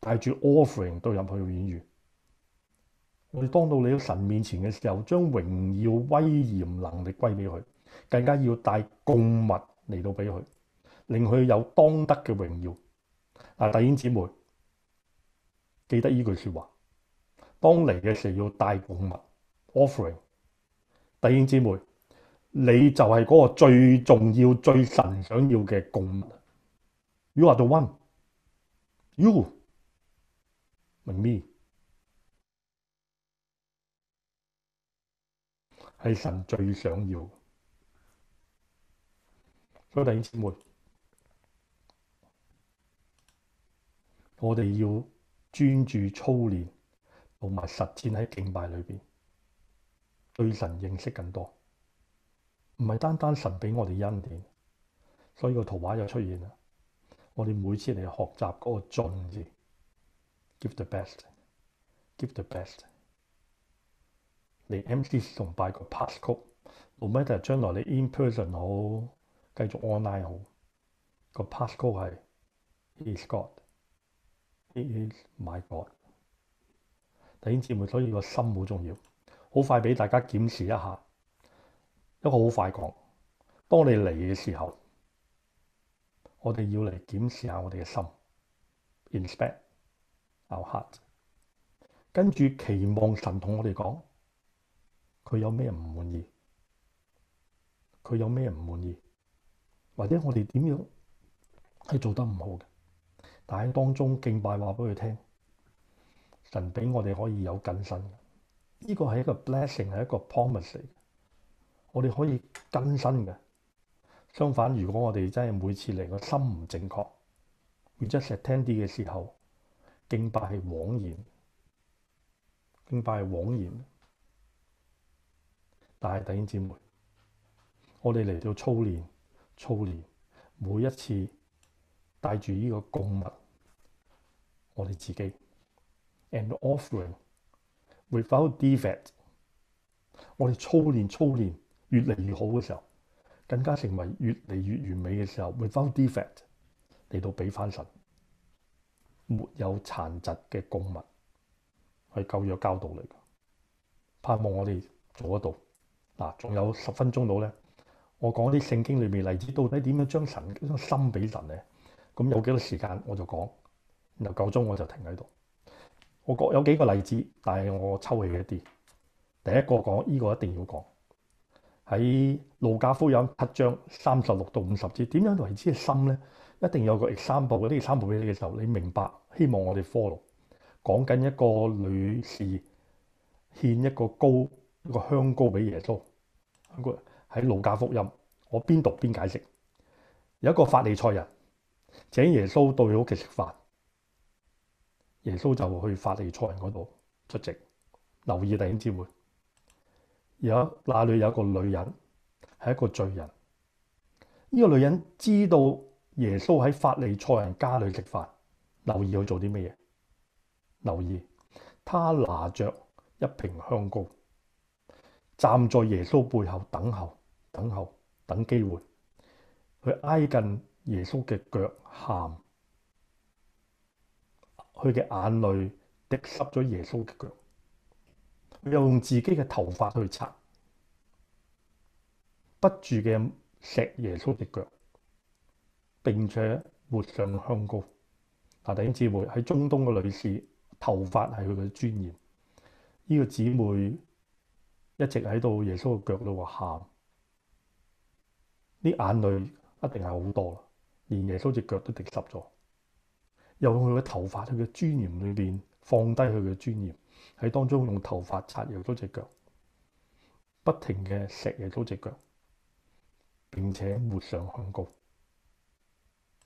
帶住 offering 都入去院宇。我哋當到你喺神面前嘅時候，將榮耀、威嚴、能力歸俾佢，更加要帶供物嚟到俾佢，令佢有當得嘅榮耀。啊，弟兄姊妹，記得呢句說話，當嚟嘅時候要帶供物 （offering）。弟兄姊妹，你就係嗰個最重要、最神想要嘅供物。You are the one. You，me 係神最想要，所以弟兄姊妹，我哋要專注操練，同埋實踐喺敬拜裏邊，對神認識更多。唔係單單神畀我哋恩典，所以個圖畫又出現啦。我哋每次嚟學習嗰個盡字，give the best，give the best。你 M.C. 崇拜個 passcode no matter，將來你 in person 好，繼續 online 好。個 passcode 係 is, He is God，He is my God。弟兄姊妹，所以這個心好重要。好快俾大家檢視一下，一個好快講。當你嚟嘅時候，我哋要嚟檢視一下我哋嘅心，inspect our heart。跟住期望神同我哋講。佢有咩唔滿意？佢有咩唔滿意？或者我哋點樣係做得唔好嘅？但係當中敬拜話畀佢聽，神俾我哋可以有更新，呢個係一個 blessing，係一個 promise。我哋可以更新嘅。相反，如果我哋真係每次嚟個心唔正確，然之後石聽啲嘅時候，敬拜係枉然，敬拜係枉然。大弟兄姊妹，我哋嚟到操練操練，每一次帶住呢個供物，我哋自己 and offering without defect。我哋操練操練越嚟越好嘅時候，更加成為越嚟越完美嘅時候，without defect 嚟到俾返神沒有殘疾嘅供物係舊約教導嚟嘅，盼望我哋做得到。嗱，仲有十分鐘到咧，我講啲聖經裏面例子，到底點樣將神將心俾神咧？咁有幾多時間我就講，然後夠鐘我就停喺度。我覺有幾個例子，但係我抽起一啲。第一個講呢、呢個一定要講喺路加福音七章三十六到五十節，點樣為之心咧？一定要有一個三步，我啲三步俾你嘅時候，你明白。希望我哋 follow。講緊一個女士獻一個膏。一個香膏給耶穌，一喺路加福音，我邊讀邊解釋。有一個法利賽人請耶穌到佢屋企食飯，耶穌就會去法利賽人嗰度出席，留意第二章。而家那裏有一個女人是一個罪人？呢、這個女人知道耶穌喺法利賽人家裏食飯，留意佢做啲咩嘢？留意，她拿着一瓶香膏。站在耶穌背後等候，等候等機會，佢挨近耶穌嘅腳喊，佢嘅眼淚滴濕咗耶穌嘅腳，佢又用自己嘅頭髮去擦，不住嘅錫耶穌嘅腳，並且抹上香膏。嗱，弟兄姊妹喺中東嘅女士，頭髮係佢嘅尊嚴，呢、這個姐妹。一直喺度耶穌嘅腳度話喊，眼淚一定係好多啦，連耶穌隻腳都滴濕咗。又用佢嘅頭髮佢嘅尊嚴裏面，放低佢嘅尊嚴，喺當中用頭髮擦耶穌隻腳，不停嘅錫耶穌隻腳，並且抹上香膏。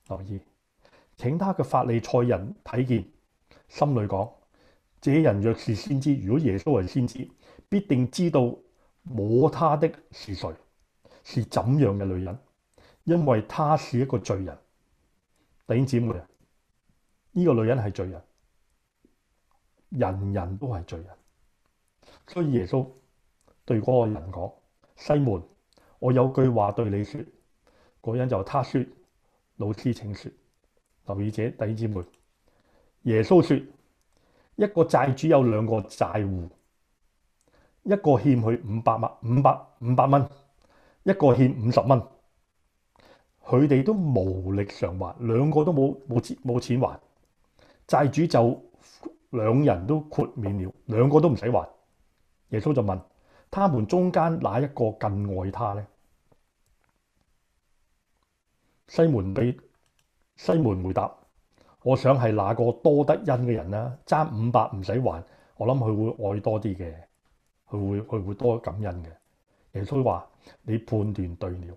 留意請他嘅法利賽人看見，心裏講：這人若是先知，如果耶穌係先知。必定知道摸他的是誰，是怎樣嘅女人，因為她是一個罪人。弟兄姊妹，這呢個女人係罪人，人人都係罪人。所以耶穌對嗰個人講：西門，我有句話對你說。嗰人就是他說：老師請說。留意者，弟兄姊妹，耶穌說：一個債主有兩個債戶。一個欠佢五百萬五百五百蚊，一個欠五十蚊，佢哋都無力償還，兩個都冇冇冇錢還。債主就兩人都豁免了，兩個都唔使還。耶穌就問：「他們中間哪一個更愛他呢？」西門被西門回答：我想係哪個多得恩嘅人呢？爭五百唔使還，我諗佢會愛多啲嘅。佢會，會，會多感恩嘅。耶穌話：你判斷對了，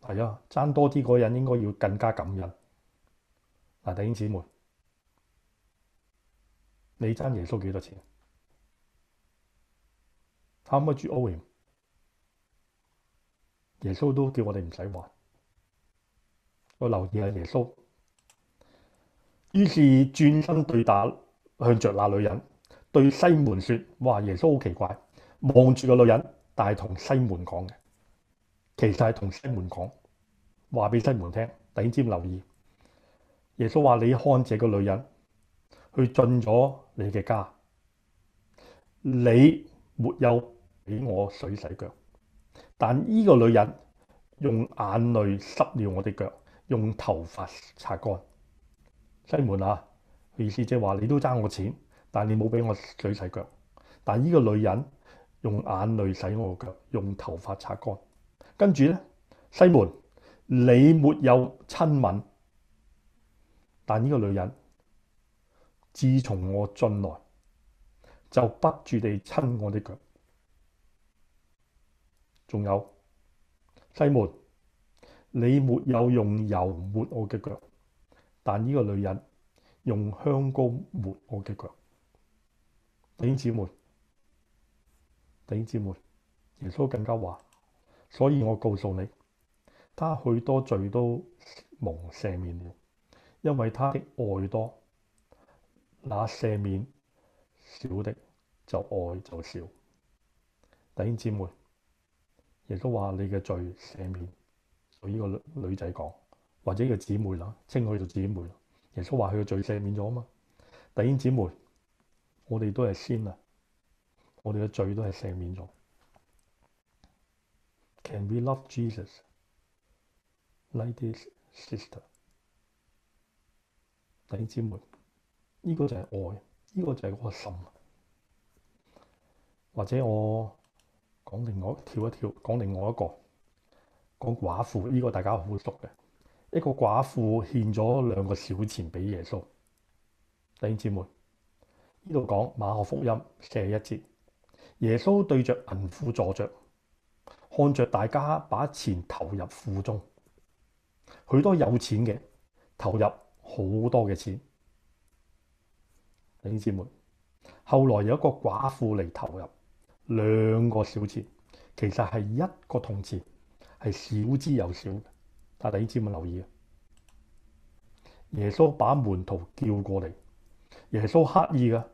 係啊，爭多啲嗰人應該要更加感恩。弟兄姊妹，你爭耶穌幾多錢？How much you owe him? 耶穌都叫我哋唔使還。我留意下耶穌，於是轉身對打，向着那女人。對西門說：哇，耶穌好奇怪，望住個女人，但是同西門講嘅，其實是同西門講，話俾西門聽，頂尖留意。耶穌話，你看這個女人去進了你的家，你沒有畀我水洗腳，但呢個女人用眼淚濕了我的腳，用頭髮擦乾。西門啊，意思即係話你都爭我錢。但你冇俾我水洗腳，但呢個女人用眼淚洗我嘅腳，用頭髮擦乾。跟住呢，西門，你沒有親吻，但呢個女人自從我進來就不住地親我的腳。仲有，西門，你沒有用油抹我嘅腳，但呢個女人用香膏抹我嘅腳。弟兄姊妹，弟兄姊妹，耶穌更加話，所以我告訴你，他許多罪都蒙赦免了，因為他的愛多。那赦免少的，就愛就少。弟兄姊妹，耶穌話你嘅罪赦免。對呢個女，女仔講，或者個姊妹啦，稱佢做姊妹啦。耶穌話佢嘅罪赦免咗啊嘛。弟兄姊妹。我哋都係仙啦，我哋嘅罪都係赦免咗。Can we love Jesus, ladies, sisters？弟兄姊妹，呢個就係愛，呢個就係我個心。或者我講另外跳一跳，講另外一個講寡婦，呢個大家好熟嘅。一個寡婦獻咗兩個小錢俾耶穌，弟兄姊妹。呢度講馬可福音四十一節，耶穌對着銀庫坐着，看着大家把錢投入庫中，許多有錢嘅投入好多嘅錢。弟兄姊妹，後來有一個寡婦嚟，投入兩個小錢，其實係一個銅錢，係少之又少。但係弟兄姊妹留意啊，耶穌把門徒叫過嚟，耶穌刻意噶。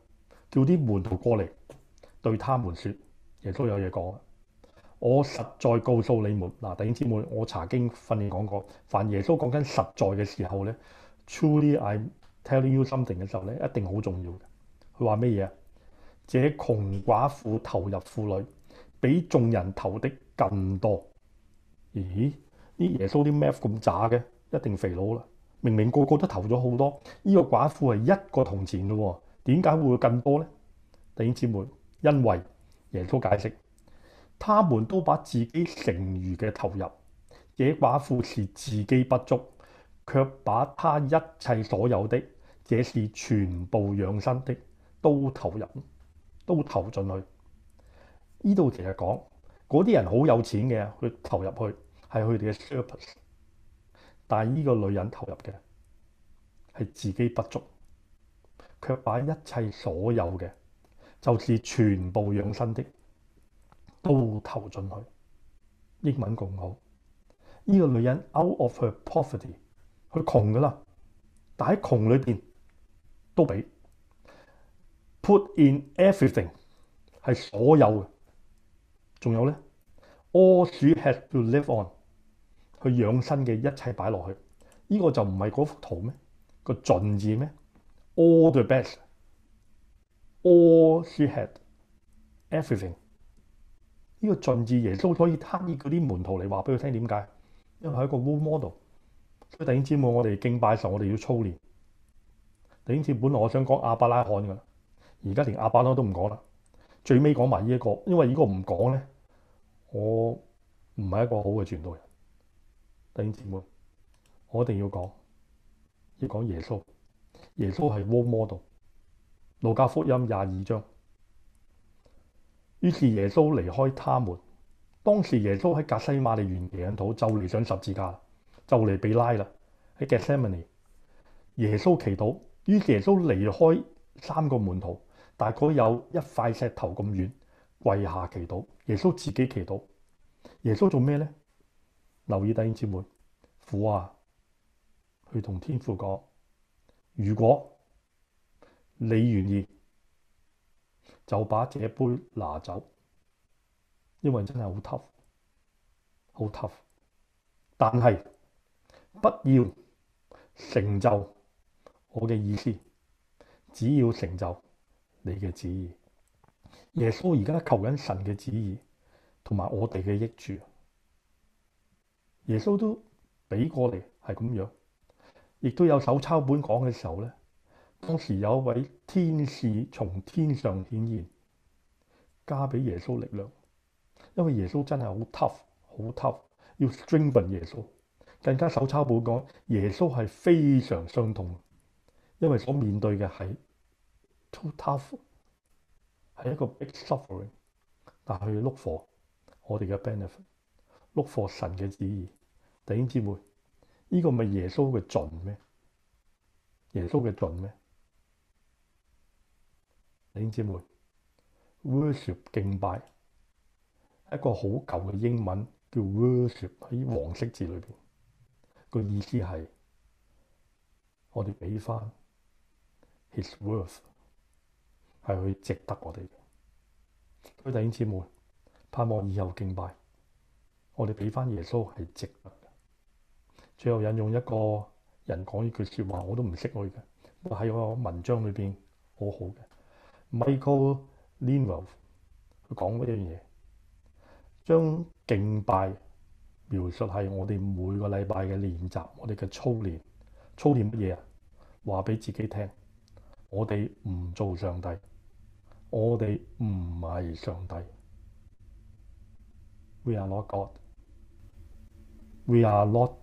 叫啲門徒過嚟，對他們說：耶穌有嘢講。我實在告訴你們，嗱、啊、弟兄姊妹，我曾經訓練講過，凡耶穌講緊實在嘅時候咧，truly I telling you，something 嘅時候咧，一定好重要嘅。佢話乜嘢啊？這窮寡婦投入庫裏，比眾人投的更多。咦？啲耶穌啲 map 咁渣嘅，一定肥佬啦！明明個個都投咗好多，呢、這個寡婦係一個銅錢嘅喎。點解會更多呢？弟兄姊妹，因為耶穌解釋，他們都把自己剩餘嘅投入，這寡婦是自己不足，卻把她一切所有的，這是全部養生的，都投入，都投進去。呢度其實講嗰啲人好有錢嘅，佢投入去係佢哋嘅 service，但呢個女人投入嘅係自己不足。卻把一切所有嘅，就是全部養生的，都投進去。英文更好，呢個女人 out of her poverty，佢窮㗎喇，但喺窮裏面，都俾 put in everything，係所有嘅。仲有呢，all she has to live on，佢養生嘅一切擺落去。呢個就唔係嗰幅圖咩？個盡字咩？all the best, all she had, everything。呢個進自耶穌，可以刻意嗰啲門徒嚟話俾佢聽點解？因為係一個 role model。所以弟兄姊妹，我哋敬拜嘅時候，我哋要操練。弟兄姊妹，本來我想講亞伯拉罕㗎，而家連亞伯拉都唔講啦。最尾講埋依一個，因為依個唔講呢，我唔係一個好嘅傳道人。弟兄姊妹，我一定要講，要講耶穌。耶穌係 war m 喺摩摩道，路加福音廿二章。於是耶穌離開他們。當時耶穌喺格西馬利園祈禱，就嚟上十字架啦，就嚟被拉啦喺格西馬尼。耶穌祈禱，於是耶穌離開三個門徒，大概有一塊石頭咁遠，跪下祈禱。耶穌自己祈禱。耶穌做咩呢？留意弟兄姊妹，苦啊，去同天父講。如果你願意，就把這杯拿走，因為真係好 tough，好 tough。但係不要成就我嘅意思，只要成就你嘅旨意。耶穌而家求緊神嘅旨意，同埋我哋嘅益處。耶穌都俾過你，係咁樣。亦都有手抄本講嘅時候呢，當時有一位天使從天上顯現，加俾耶穌力量，因為耶穌真係好 tough，好 tough，要 strengthen 耶穌。更加手抄本講耶穌係非常傷痛，因為所面對嘅係 too tough，係一個 big suffering。但係佢要去 look for 我哋嘅 benefit，look for 神嘅旨意。弟兄姊妹。呢個唔係耶穌嘅盡咩？耶穌嘅盡咩？弟兄姊妹，worship 敬拜，一個好舊嘅英文叫 worship 喺黃色字裏面。個意思係我哋俾翻 His worth 係佢值得我哋嘅。弟兄姊妹，盼望以後敬拜，我哋俾翻耶穌係值得。最後引用一個人講呢句説話，我都唔識佢嘅，喺個文章裏面好好嘅。Michael Newell 佢講過一樣嘢，將敬拜描述係我哋每個禮拜嘅練習，我哋嘅操練。操練乜嘢啊？話俾自己聽，我哋唔做上帝，我哋唔係上帝。We are not God. We are not